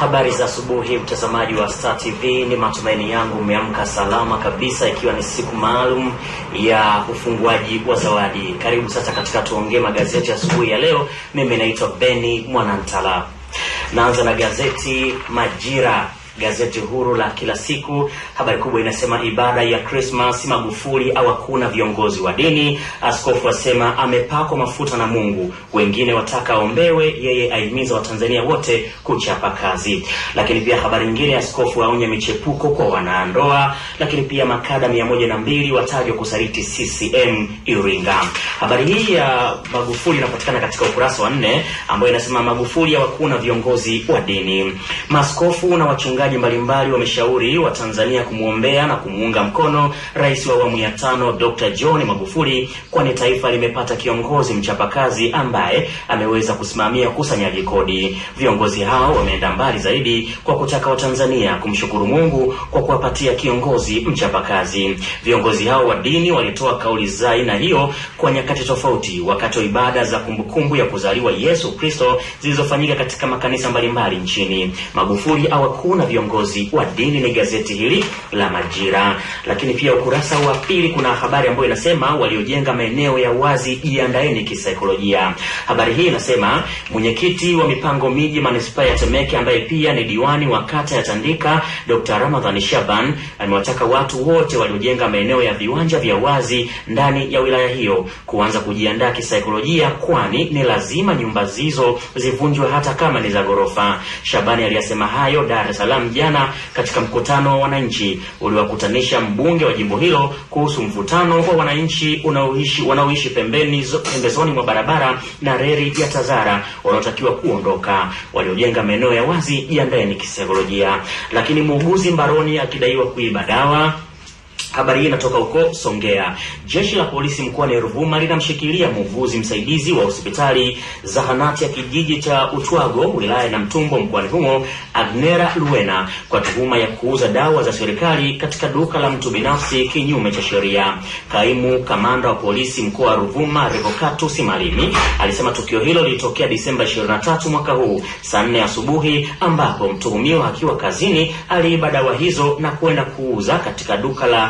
Habari za asubuhi, mtazamaji wa Star TV, ni matumaini yangu umeamka salama kabisa, ikiwa ni siku maalum ya ufunguaji wa zawadi. Karibu sasa katika tuongee magazeti asubuhi ya, ya leo. Mimi naitwa Beni Mwanantala, naanza na gazeti Majira Gazeti huru la kila siku, habari kubwa inasema ibada ya Krismasi, Magufuli au hakuna viongozi wa dini. Askofu asema amepakwa mafuta na Mungu, wengine wataka ombewe, yeye ahimiza Watanzania wote kuchapa kazi. Lakini pia habari nyingine, askofu aonya michepuko kwa wanaandoa. Lakini pia makada mia moja na mbili watajwa kusaliti CCM Iringa. Habari hii ya Magufuli inapatikana katika ukurasa wa nne ambayo inasema Magufuli au hakuna viongozi wa dini, maskofu na wachungaji wachungaji mbalimbali wameshauri Watanzania kumwombea na kumuunga mkono rais wa awamu ya tano Dr. John Magufuli, kwani taifa limepata kiongozi mchapakazi ambaye ameweza kusimamia kusanyaji kodi. Viongozi hao wameenda mbali zaidi kwa kutaka Watanzania kumshukuru Mungu kwa kuwapatia kiongozi mchapakazi. Viongozi hao wa dini walitoa kauli za aina hiyo kwa nyakati tofauti wakati wa ibada za kumbukumbu ya kuzaliwa Yesu Kristo zilizofanyika katika makanisa mbalimbali nchini. Magufuli hawakuna viongozi wa dini, ni gazeti hili la Majira. Lakini pia ukurasa wa pili kuna habari ambayo inasema waliojenga maeneo ya wazi jiandaeni kisaikolojia. Habari hii inasema mwenyekiti wa mipango miji manispaa ya Temeke ambaye pia ni diwani wa kata ya Tandika Dr. Ramadhan Shaban amewataka watu wote waliojenga maeneo ya viwanja vya wazi ndani ya wilaya hiyo kuanza kujiandaa kisaikolojia, kwani ni lazima nyumba zizo zivunjwe hata kama ni za ghorofa. Shabani aliyasema hayo Dar es Salaam Salaam jana katika mkutano wa wananchi uliwakutanisha mbunge wa jimbo hilo kuhusu mvutano wa wananchi unaoishi wanaoishi pembeni pembezoni mwa barabara na reli ya Tazara wanaotakiwa kuondoka. Waliojenga maeneo ya wazi ndani kisaikolojia. Lakini muuguzi mbaroni akidaiwa kuiba dawa Habari hii inatoka huko Songea. Jeshi la polisi mkoani Ruvuma linamshikilia muuguzi msaidizi wa hospitali zahanati ya kijiji cha Utwago wilaya ya mtumbo mkoani humo Agnera Luena kwa tuhuma ya kuuza dawa za serikali katika duka la mtu binafsi kinyume cha sheria. Kaimu kamanda wa polisi mkoa wa Ruvuma Revocatus Simalimi alisema tukio hilo lilitokea Disemba 23 mwaka huu saa 4 asubuhi, ambapo mtuhumiwa akiwa kazini aliiba dawa hizo na kwenda kuuza katika duka la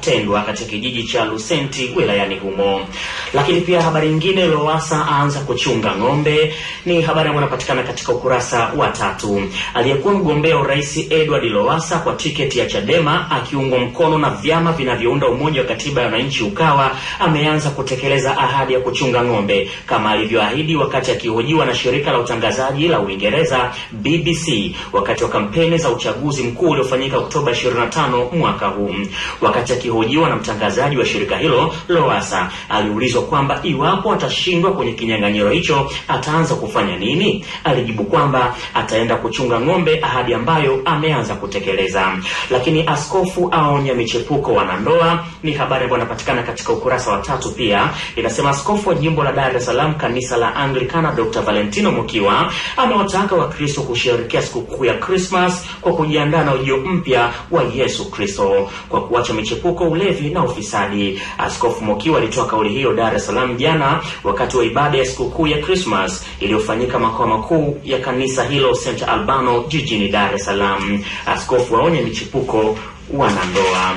tendwa katika kijiji cha Lusenti wilayani humo. Lakini pia habari nyingine, lowasa aanza kuchunga ng'ombe, ni habari ambayo inapatikana katika ukurasa wa tatu. Aliyekuwa mgombea urais Edward lowasa kwa tiketi ya Chadema akiungwa mkono na vyama vinavyounda Umoja wa Katiba ya Wananchi Ukawa ameanza kutekeleza ahadi ya kuchunga ng'ombe kama alivyoahidi wakati akihojiwa na shirika la utangazaji la Uingereza BBC wakati wa kampeni za uchaguzi mkuu uliofanyika Oktoba 25 mwaka huu. Wakati akihojiwa na mtangazaji wa shirika hilo lowasa aliulizwa kwamba iwapo atashindwa kwenye kinyang'anyiro hicho ataanza kufanya nini, alijibu kwamba ataenda kuchunga ng'ombe, ahadi ambayo ameanza kutekeleza. Lakini askofu aonya michepuko wanandoa, ni habari ambayo inapatikana katika ukurasa wa tatu. Pia inasema askofu wa jimbo la Dar es Salaam kanisa la Anglikana Dr. Valentino Mukiwa amewataka Wakristo kusherehekea sikukuu ya Christmas kwa kujiandaa na ujio mpya wa Yesu Kristo kwa kuacha michepuko, ulevi na ufisadi. Askofu Mokiwa alitoa kauli hiyo Dar es Salaam jana wakati wa ibada ya sikukuu ya Christmas iliyofanyika makao makuu ya kanisa hilo St Albano jijini Dar es Salaam. Askofu waonye michepuko wanandoa.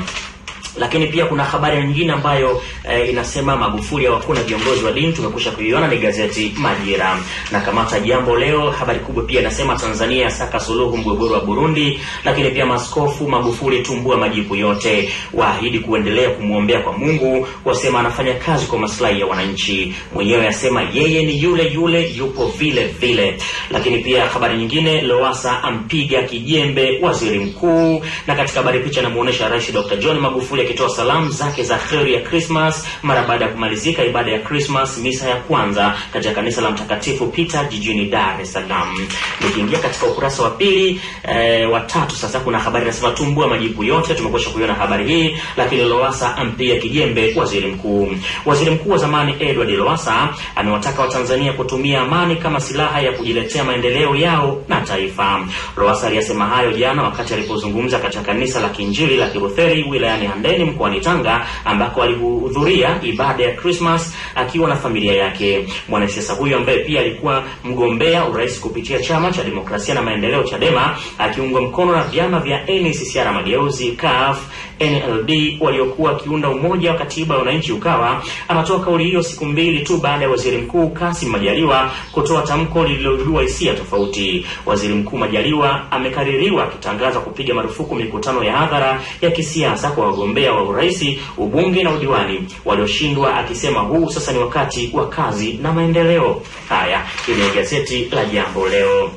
Lakini pia kuna habari nyingine ambayo e, inasema Magufuli hawakuna viongozi wa dini, Tumekwisha kuiona ni gazeti Majira. Na kamata Jambo Leo, habari kubwa pia inasema Tanzania yasaka suluhu mgogoro wa Burundi, lakini pia maskofu Magufuli tumbua majibu yote, waahidi kuendelea kumwombea kwa Mungu, wasema anafanya kazi kwa maslahi ya wananchi, mwenyewe asema yeye ni yule yule, yupo vile vile. Lakini pia habari nyingine, Lowasa ampiga kijembe waziri mkuu, na katika habari picha namuonesha Rais Dr. John Magufuli akitoa salamu zake za heri ya krismas mara baada ya kumalizika ibada ya krismas misa ya kwanza katika kanisa la Mtakatifu Peter jijini Dar es Salaam. Nikiingia katika ukurasa wa pili e, wa tatu sasa, kuna habari nasema tumbua majibu yote, tumekwisha kuiona habari hii, lakini Lowassa ampia kijembe waziri mkuu. Waziri mkuu wa zamani Edward Lowassa amewataka Watanzania kutumia amani kama silaha ya kujiletea maendeleo yao na taifa. Lowassa aliyasema hayo jana wakati alipozungumza katika kanisa la Kinjili la Kilutheri wilayani Handeni Micheweni mkoani Tanga ambako alihudhuria ibada ya Christmas akiwa na familia yake. Mwanasiasa huyo ambaye pia alikuwa mgombea urais kupitia chama cha demokrasia na maendeleo Chadema, akiungwa mkono na vyama vya NCCR Mageuzi, CUF, NLD waliokuwa wakiunda umoja wa katiba ya wananchi Ukawa, anatoa kauli hiyo siku mbili tu baada ya waziri mkuu Kassim Majaliwa kutoa tamko lililojua hisia tofauti. Waziri Mkuu Majaliwa amekaririwa akitangaza kupiga marufuku mikutano ya hadhara ya kisiasa kwa wagombea wagombea wa uraisi, ubunge na udiwani walioshindwa, akisema huu sasa ni wakati wa kazi na maendeleo. Haya, hili gazeti la Jambo Leo.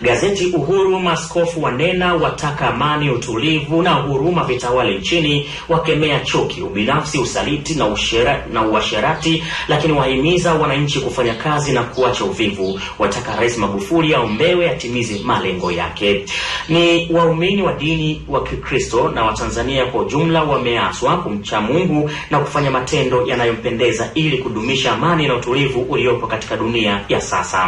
Gazeti Uhuru, maskofu wanena, wataka amani, utulivu na huruma vitawale nchini, wakemea chuki, ubinafsi, usaliti na ushera, na uasherati, lakini wahimiza wananchi kufanya kazi na kuacha uvivu. Wataka Rais Magufuli aombewe atimize malengo yake. Ni waumini wa dini wa Kikristo na Watanzania kwa ujumla wameaswa kumcha Mungu na kufanya matendo yanayompendeza ili kudumisha amani na utulivu uliopo katika dunia ya sasa.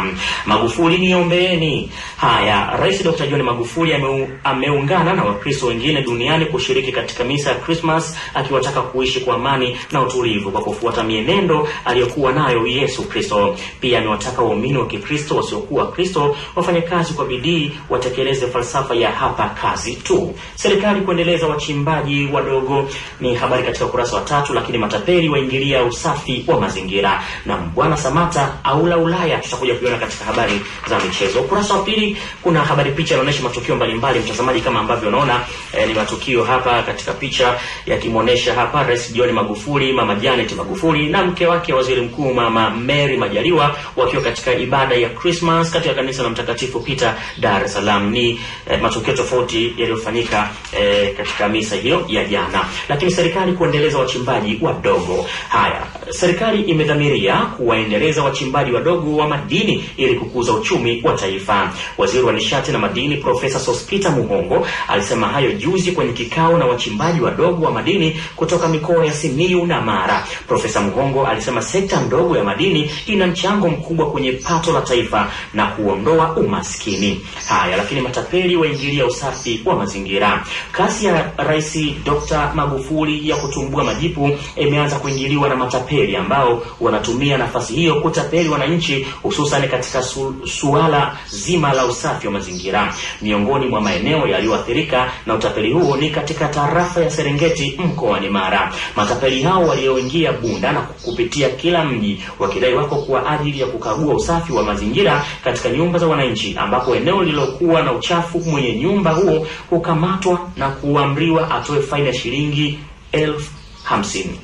Magufuli, niombeeni. Haya, Rais Dr. John Magufuli ameu, ameungana na Wakristo wengine duniani kushiriki katika misa ya Christmas akiwataka kuishi kwa amani na utulivu kwa kufuata mienendo aliyokuwa nayo Yesu Kristo. Pia amewataka waumini wa Kikristo wasiokuwa Kristo wafanye kazi kwa bidii, watekeleze falsafa ya hapa kazi tu. Serikali kuendeleza wachimbaji wadogo ni habari katika ukurasa wa tatu, lakini matapeli waingilia usafi wa mazingira na Mbwana Samata aula Ulaya, tutakuja kuiona katika habari za michezo ukurasa wa pili hii kuna habari picha inaonyesha matukio mbalimbali, mtazamaji, kama ambavyo unaona eh, ni matukio hapa katika picha yakimwonyesha hapa Rais John Magufuli, Mama Janet Magufuli na mke wake Waziri Mkuu Mama Mary Majaliwa wakiwa katika ibada ya Christmas katika kanisa la Mtakatifu Peter, Dar es Salaam. Ni eh, matukio tofauti yaliyofanyika eh, katika misa hiyo ya jana. Lakini serikali kuendeleza wachimbaji wadogo. Haya, serikali imedhamiria kuwaendeleza wachimbaji wadogo wa madini ili kukuza uchumi wa taifa. Waziri wa nishati na madini Profesa Sospita Muhongo alisema hayo juzi kwenye kikao na wachimbaji wadogo wa madini kutoka mikoa ya Simiyu na Mara. Profesa Muhongo alisema sekta ndogo ya madini ina mchango mkubwa kwenye pato la taifa na kuondoa umaskini. Haya, lakini matapeli waingilia usafi wa mazingira. Kasi ya Rais Dr. Magufuli ya kutumbua majipu imeanza kuingiliwa na matapeli ambao wanatumia nafasi hiyo kutapeli wananchi, hususan katika su, suala zima la usafi wa mazingira. Miongoni mwa maeneo yaliyoathirika na utapeli huo ni katika tarafa ya Serengeti mkoani Mara. Matapeli hao walioingia Bunda na kupitia kila mji wakidai wako kwa ajili ya kukagua usafi wa mazingira katika nyumba za wananchi, ambapo eneo lililokuwa na uchafu mwenye nyumba huo hukamatwa na kuamriwa atoe faini ya shilingi elfu hamsini.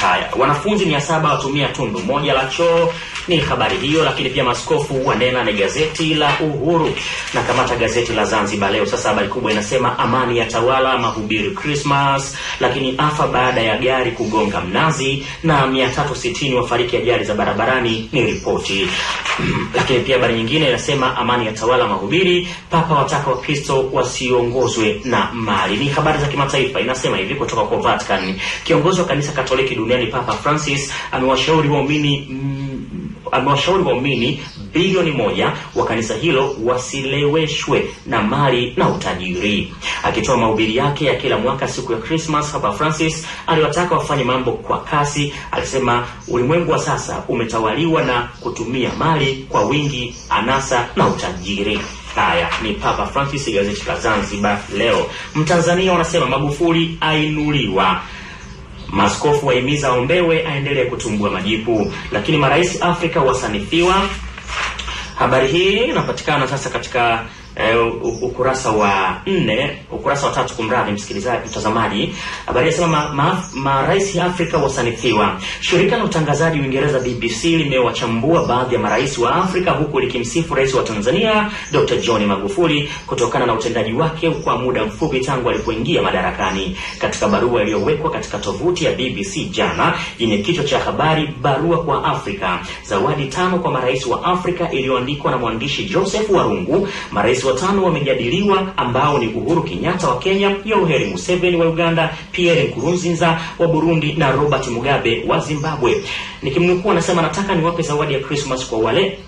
Haya, wanafunzi mia saba watumia tundu moja la choo ni habari hiyo, lakini pia maskofu wanena na gazeti la Uhuru na kamata gazeti la Zanzibar Leo. Sasa habari kubwa inasema amani ya tawala mahubiri Christmas, lakini afa baada ya gari kugonga mnazi na 360 wafariki ajali za barabarani ni ripoti. Lakini pia habari nyingine inasema amani ya tawala mahubiri, papa wataka Wakristo wasiongozwe na mali. Ni habari za kimataifa, inasema hivi kutoka kwa Vatican. Kiongozi wa kanisa Katoliki duniani Papa Francis amewashauri waumini halmashauri waumini bilioni moja wa kanisa hilo wasileweshwe na mali na utajiri. Akitoa mahubiri yake ya kila mwaka siku ya Christmas, Papa Francis aliwataka wafanye mambo kwa kasi. Alisema ulimwengu wa sasa umetawaliwa na kutumia mali kwa wingi, anasa na utajiri. Haya ni Papa Francis, gazeti la Zanzibar Leo. Mtanzania wanasema Magufuli ainuliwa maskofu waimiza ombewe aendelee kutumbua majipu, lakini marais Afrika wasanifiwa. Habari hii inapatikana sasa katika uh, ukurasa wa nne ukurasa wa tatu, kumradhi msikilizaji, mtazamaji, habari inasema marais ma, ma Afrika wasanifiwa. Shirika la utangazaji Uingereza BBC limewachambua baadhi ya marais wa Afrika huku likimsifu rais wa Tanzania Dr. John Magufuli kutokana na utendaji wake kwa muda mfupi tangu alipoingia madarakani. Katika barua iliyowekwa katika tovuti ya BBC jana yenye kichwa cha habari barua kwa Afrika, zawadi tano kwa marais wa Afrika iliyoandikwa na mwandishi Joseph Warungu, marais watano wamejadiliwa ambao ni Uhuru Kenyatta wa Kenya, Yoweri Museveni wa Uganda, Pierre Nkurunziza wa Burundi na Robert Mugabe wa Zimbabwe. Nikimnukuu anasema, nataka niwape zawadi ya Christmas kwa wale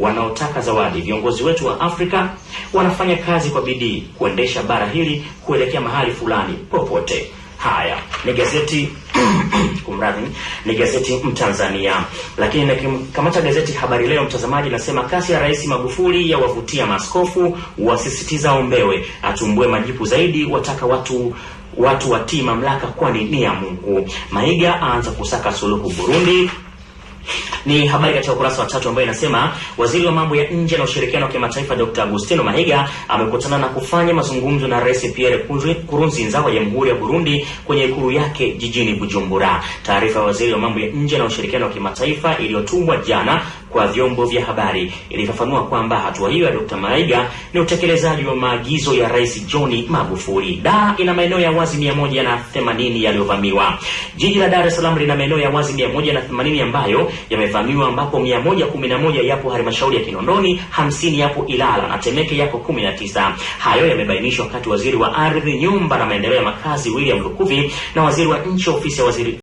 wanaotaka zawadi. Viongozi wetu wa Afrika wanafanya kazi kwa bidii kuendesha bara hili kuelekea mahali fulani popote. Haya ni gazeti kumradhi, ni gazeti Mtanzania. Lakini nakimkamata gazeti Habari Leo, mtazamaji, nasema kasi ya Rais Magufuli ya wavutia wasisitiza ombewe, atumbue majipu zaidi, wataka watu watu watii mamlaka, kwani ni ya Mungu. Maiga aanza kusaka suluhu Burundi. Ni habari katika ukurasa wa tatu ambayo inasema waziri wa mambo ya nje na ushirikiano wa kimataifa Dr. Agustino Mahiga amekutana na kufanya mazungumzo na Rais Pierre Nkurunziza wa Jamhuri ya Burundi kwenye ikulu yake jijini Bujumbura. Taarifa ya waziri wa mambo ya nje na ushirikiano wa kimataifa iliyotumwa jana kwa vyombo vya habari. Ilifafanua kwamba hatua hiyo ya Dr. Maiga ni utekelezaji wa maagizo ya Rais John Magufuli. Dar ina maeneo ya wazi 180 yaliyovamiwa. Jiji la Dar es Salaam lina maeneo ya wazi 180 ambayo yamevamiwa, ambapo 111 yapo halmashauri ya Kinondoni, 50 yapo Ilala na Temeke yako 19. Hayo yamebainishwa wakati waziri wa ardhi, nyumba na maendeleo ya makazi William Lukuvi na waziri wa nchi ofisi ya waziri